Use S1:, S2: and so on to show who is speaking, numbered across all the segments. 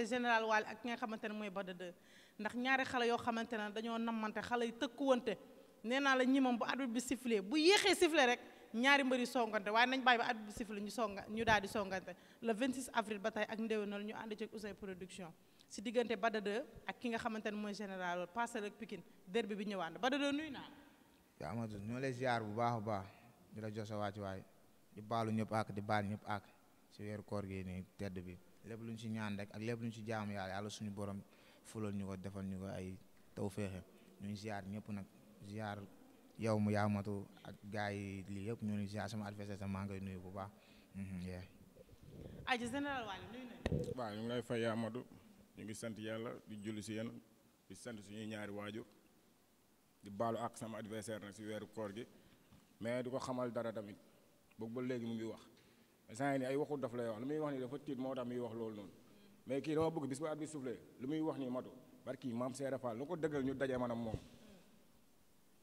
S1: le général Wally ak ki nga xamante ne mooy Bada ndax ñaari xale yoo xamante ne dañoo nammante xale yi tëkkuwante nee naa la ñi moom bu arbitre bi sifflé bu yéexee sifflé rek ñaari mbëri songante waaye nañ bàyyi bi arbitre bi sifflé ñu songa ñu daal di songante le 26 avril ba tey ak ndéwénal ñu ànd ci Ouzin Production si diggante Bada 2 ak ki nga xamante ne mooy général Wally Parcelles ak Pikine derby bi ñëwaat Bada 2 nuyu naa yaa Amadou ñoo lay ziar bu baax a baax la jox sa waaci waay di baalu ñëpp ak di baal ñëpp ak si weeru koor gi nii tedd bi lépp luñ ci ñaan rek ak lépp luñ ci jaamu yàlla yàlla suñu borom fulal ñu ko defal ñu ko ay tawféexe ñu ziar ñëpp nag ziar yow mu yaamatu ak gars yi lii yëpp ñu ngi ziar sama adversaire sama maa ngi koy nuyu bu baax. Mhm, aji général Wally nuyu
S2: nañu. sant yàlla di julli ci yéen di sant suñuy ñaari waajur di baalu ak sama adversaire nag si weeru koor gi mais du ko xamal dara tamit boobu ba léegi mu ngi wax. sant ni ay waxu daf lay wax lu muy wax nii dafa tiit moo tax muy wax loolu noonu mais kii dama bëgg bis bu at bi soufflé lu muy wax nii matu barki maam Seera Fall lu ko dëggal ñu daje maanaam moom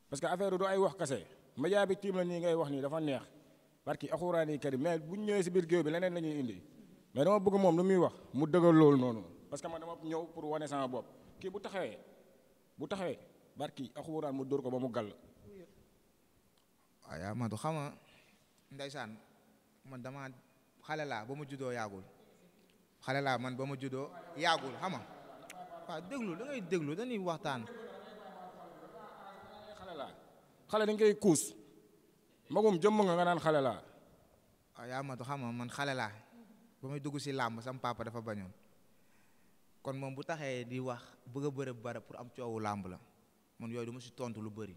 S2: parce que affaire du ay wax kase média bi tiim la nii ngay wax nii dafa neex barki yi karim mais bu ñëwee si biir géew bi leneen la ñuy indi mais dama bëgg moom lu muy wax mu dëggal loolu noonu parce que man dama ñëw pour wane sama bopp kii bu taxawee bu taxawee barki axuraan
S1: mu dóor ko ba mu gàll waaw yaa matu man dama xalé la ya ma yagul xalé la man bamu judo yagul xama wa deglu, da ngay deglu dañi waxtaan. xalé la xalé da ngay kous magum jëm nga nga nan xalé la waaw ah, yaa man xalé la ba dugg ci lamb sam papa dafa kon mom bu taxé di wax bëgg a bëre bare pour am ciowu lamb la man yoy du ma tontu lu bëri.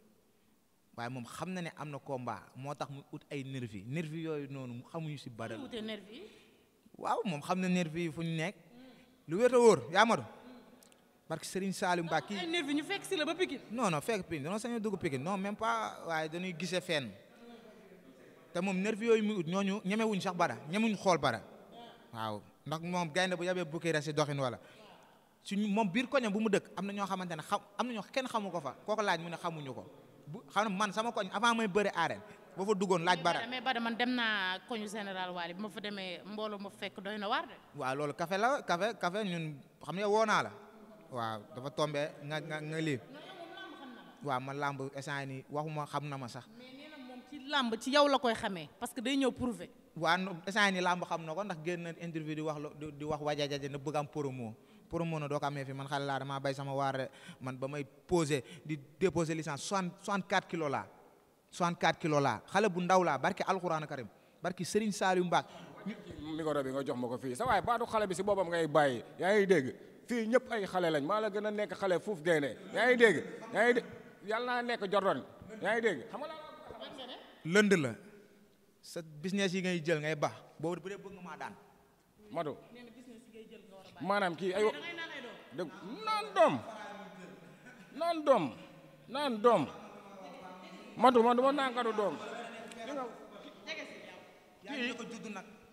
S1: waaye moom xam na ne am na combat moo tax mu ut ay nervi nervi yooyu noonu xamuñu si bara waaw moom xam na nervi yi fu ñu nekk lu wér a wóor yaa madu parce que Serigne Saliou Mbacke ah, ay nervi ñu fekk si la ba Pikine non pas waaye dañuy gisee fenn te moom nervi yooyu mu ut ñooñu ñemewuñ sax bara ñemewuñ xool bara waaw ndax moom gaynde bu yabee bukki rek si doxin wala suñ moom biir koñam bu mu dëkk am na ñoo xamante ne xam am na ñoo kenn xamu ko fa kooku laaj mu ne xamuñu ko bu xam man sama koñ avant may bari arène boo fa duggoon laaj bara mais bara man dem naa koñu général Waly bi ma fa demee mbooloo ma fekk doy na waar de. waaw loolu kafe la café café ñun xam ne woo naa la waaw dafa tombé nga nga lii waaw ma làmb instant nii waxuma xam na ma sax. mais ci làmb ci yow la koy xamee parce que day ñëw prouver. waa instant nii làmb xam na ko ndax génn interview di wax di wax wajajaja na bëgg am promo. pour mën a doo ko amee fi man xale laa damaa bay sama waar man ba may posé di déposé licence soixante soixante quatre kilos laa soixante quatre kilos laa xale bu ndaw laa barki alxuraan karim barki Serigne Saliou Mbacke. micro bi nga jox ma ko fii sa waay baatu xale bi si boobam ngay bàyyi yaa ngi
S2: dégg fii ñëpp ay xale lañ maa la gën a nekk xale fuuf gaynde yaa ngi dégg yaa yàlla
S1: naa nekk Jordan yaa ngi dégg xam
S2: nga
S1: lënd la sa business yi ngay jël ngay ba boobu bu dee bëgg nga maa daan. matu
S2: maanaam kii ay dëgg naan doom naan doom naan doom matu man du ma doom kii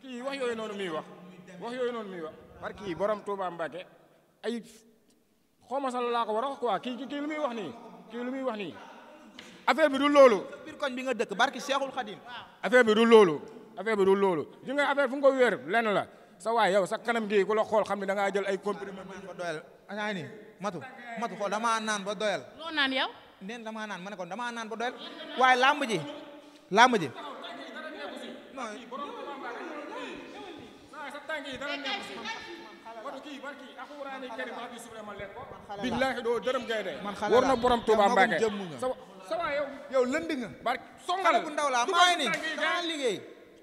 S2: kii wax yooyu noonu muy wax wax yooyu noonu muy wax par kii borom Touba Mbacke ay xawma sa laa ko war a wax quoi kii kii lu muy wax nii kii lu muy wax nii affaire bi du loolu biir bi nga dëkk barki Seexul Xadim affaire bi du loolu affaire bi du loolu di nga affaire fu nga ko wéer lenn la sa waay yow sa kanam gi ku xool xam ne da ngaa jël ay
S1: comprimé ba doyal añaa ni matu matu xool damaa naan ba doyal loo naan ma ne kon damaa naan ba waaye làmb ji làmb ji
S2: billaahi doo dërëm gay de war na borom Tuuba Mbàkke sa waay yow lënd nga barki songal bu laa maa ngi nii liggéey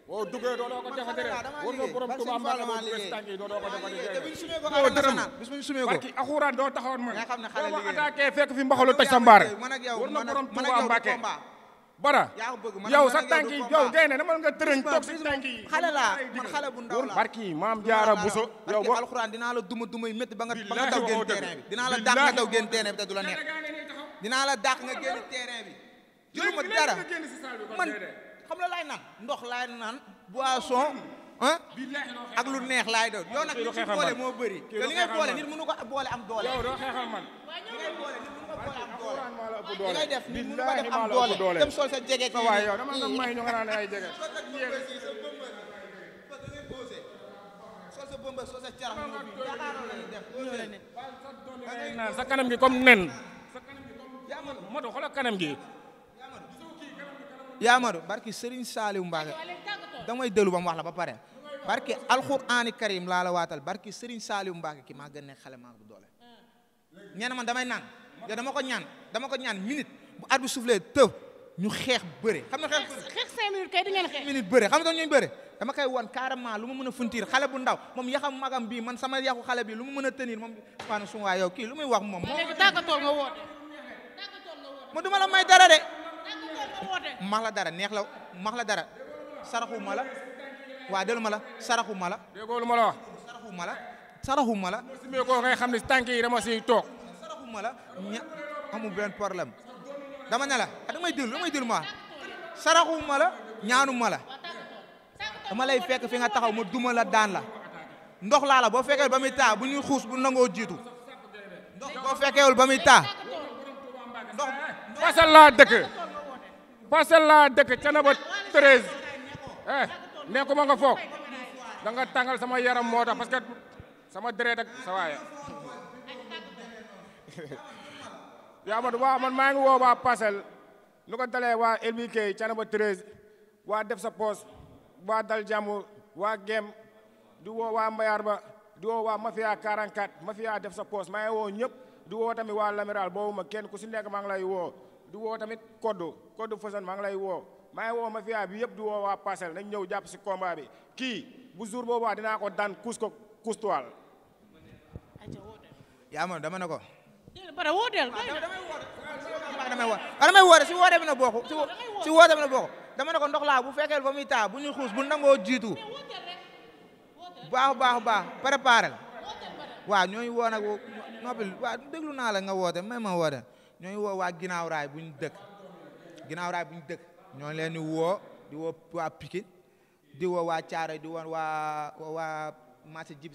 S2: boo oh, duggee doo doo ko jaxase war nga borom tubaab mbaa nga borom bés tànk yi doo doo ko jaxase oh, bis bu ñu sumee ko barki axuraan doo taxawoon ma doo ma attaqué fekk fi mbaxalu toj sa mbaare nga borom tubaab mbàkke bara yow sa tànk yi yow gay ne dama nga toog si
S1: tànk man xale bu ndaw la barki maam jaara buso yow ba alxuraan dinaa la duma duma yu métti ba nga ba nga daw génn terrain bi dinaa la dàq nga daw génn terrain bi te du neex dinaa la dàq nga génn terrain bi jëluma dara man xam la laay naan ndox laay naan boisson ah ak lu neex laay doon yow nag li ci boole moo bëri te li ngay boole nit mënu ko boole am doole yow doo xeexal man li ngay boole nit mënu ko boole am doole li ngay def nit mënu ko def am doole dem sol sa jege ci waay yow dama nga may ñu nga naan ay jege sa kanam gi comme nen sa kanam gi comme moo tax xoolal kanam gi yaa ma barki Serigne Saliou Mbacké damay dëlu ba mu wax la ba pare barki alxuraani karim laa la waatal barki Serigne Saliou Mbacké ki maa gën ne xale maa bu doole. ñeena man damay naan yow dama ko ñan dama ko ñaan minute bu arbitre soufflé ñu xeex bëre. xam nga xeex xeex cinq minutes kay di ngeen xam nga ñooñu bëre dama koy wan carrément lu ma mën a funtiir xale bu ndaw moom yaxam magam bii man sama yaxu xale bii lu ma mën a tenir moom maanaam su waa yow kii lu muy wax moom. moom léegi tàggatool nga woote. duma la may dara de. max la dara neex la max la dara saraxu ma la waa delu ma la saraxu ma la déggoo lu ma la saraxu ma la saraxu ma la simee ko ngay xam ne tànk yi dama siy toog saraxu ma la benn problème dama ne la a ah, may déglu da may déglu ma saraxu ma la ñaanu ma dama lay fekk fi nga taxaw ma duma la daan la ndox laa la boo fekkee ba muy taa bu ñuy xuus bu nangoo jiitu ndox boo fekkeewul ba muy taa ndox
S2: fasal laa dëkk parcelle laa dëkk Thiénaba 13 eh nekku ma nga foog da nga tàngal sama yaram moo tax sama deret ak sa waaya yaa waa man maa ngi woo baa parcelle lu ko dalee waa LBK Thiénaba 13 waa def sa poos waa dal jàmm waa gem di woo waa mbayaar ba di woo waa mafia 44 mafia def sa poos maa ngi woo ñëpp di woo tamit waa lamiral boobu ma kenn ku si nekk maa ngi lay woo du woo tamit koddu koddu Fassane maa ngi lay woo maa ngi woo bi yëpp di woo waa Parcelles nañ ñëw jàpp si combat bi kii bu jour a dinaa ko daan kus ko kus tuwaal.
S1: yaa ma dama ne ko. bara wooteel kay na ah, si woote bi na bokk si woote dama ne ko ndox laa bu fekkee ba muy taa bu ñuy xuus bu nangoo jiitu. baax baax baax préparé la. waaw ñooñu woo nag noppi waaw déglu naa la nga woote may ma woote. ñoy wo wa ginaaw raay bu ñu dëkk ginnaaw raay bu ñu dëkk ñoo leen wo di wo wa Pikine di wo wa Thiaroye di won wa wa marché Djib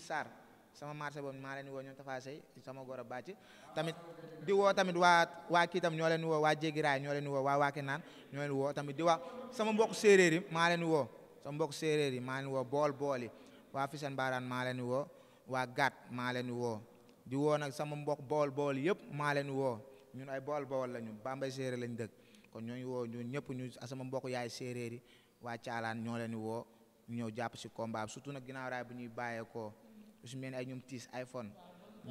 S1: sama marché boobu ma leen wo woo Tafa Sey sama gora bàcc tamit di wo tamit wa wa ki tam ñoo leen wo wa waa Jéggi Raay ñoo leen wo wa wa Naan ñoo leen wo tamit di wa sama mbokk séeréer yi maa leen wo sama mbokk séeréer yi maa leen wo bol bool bool yi waa Fiseen Baaraan maa leen wo wa Gat ma leen wo di wo nak sama mbokk bol bol yep ma leen wo ñun ay bool bool lañu Bambey séeréer lañ dëkk kon ñooñu woo ñun ñëpp ñu ah, sama mbokk yaay séeréer yi waa caalaan ñoo leen woo ñu ñëw jàpp si combat surtout nag ginnaaw raay bu ñuy bàyyeekoo su mel ni ay ñum tiis iPhone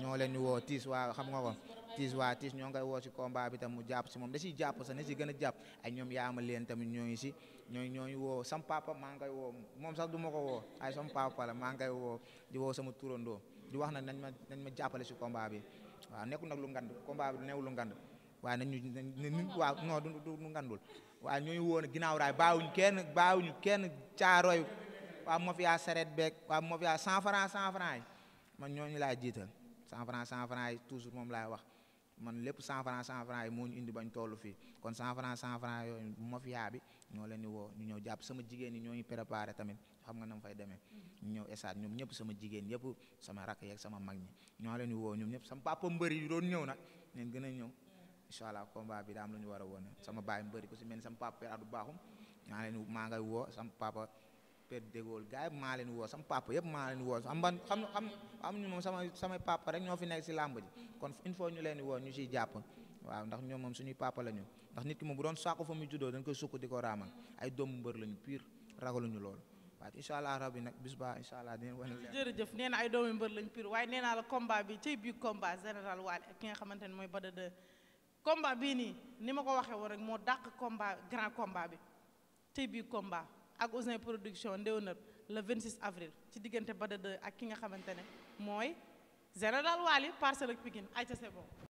S1: ñoo leen woo tiis waa xam nga ko tiis waa tiis ñoo ngay woo si combat bi tam mu jàpp si moom da siy jàpp sax ne si gën a jàpp ay ñoom yaama leen tamit ñooñu si ñooñu ñooñu woo sam papa maa ngay woo moom sax du ma ko woo ay sam papa la maa ngay woo di woo sama turandoo di wax na nañ ma nañ ma jàppale si combat bi waaw nekkul nag lu ngand combat bi neew lu ngand waaye nañu nañ waaw non du du ngandul waaye ñooñu woon ginnaaw raay baawu kenn baawuñu kenn caaroy waaw mafia saret beeg waaw mafia cent franc cent franc yi man ñooñu laa jiital cent franc cent franc yi toujours moom laay wax man lépp cent franc cent yi moo ñu indi bañ toll fii kon cent franc cent franc yooyu mafia bi ñoo leen di woo ñu ñëw jàpp sama jigéen ñi ñoo ñu préparé tamit xam nga nam fay demee ñu ñëw esaat eh, ñoom ñëpp sama jigéen yëpp sama rak yak sama mag ñi ñoo leen wo ñom ñëpp sama papa mbeuri yi ya doon ñëw nak ñen gëna ñëw combat bi daam lu ñu wone sama baye mbeuri ko ci mel sama papa adu baxum ñaa leen ma ngay wo sama papa de gol gaay ma leen wo sama papa yëpp ma leen wo am ban xam xam am ñu mom sama sama papa rek ñoo fi nekk ci lamb ji kon une fois ñu leen wo ñu ci japp waaw ndax ñoom moom suñuy papa lañu ndax nit ki moom bu doon sàkku fa muy juddoo dañ koy sukk di ko ay dom mbër lañu pire ragaluñu loolu waaye incha allah rabbi nag bis baa incha allah dinañ wane leen jërëjëf nee na ay doomi mbër lañ pir waaye nee naa la combat bi cay biir combat général waale ak ki nga xamante ne mooy Bada de combat bii nii ni ma ko waxee woon rek moo dàq combat grand combat bi cay biir combat ak Ouzin production ndéwénal le 26 avril ci diggante Bada de ak ki nga xamante ne mooy général waale Parcelles ak Pikine ayca c'est bon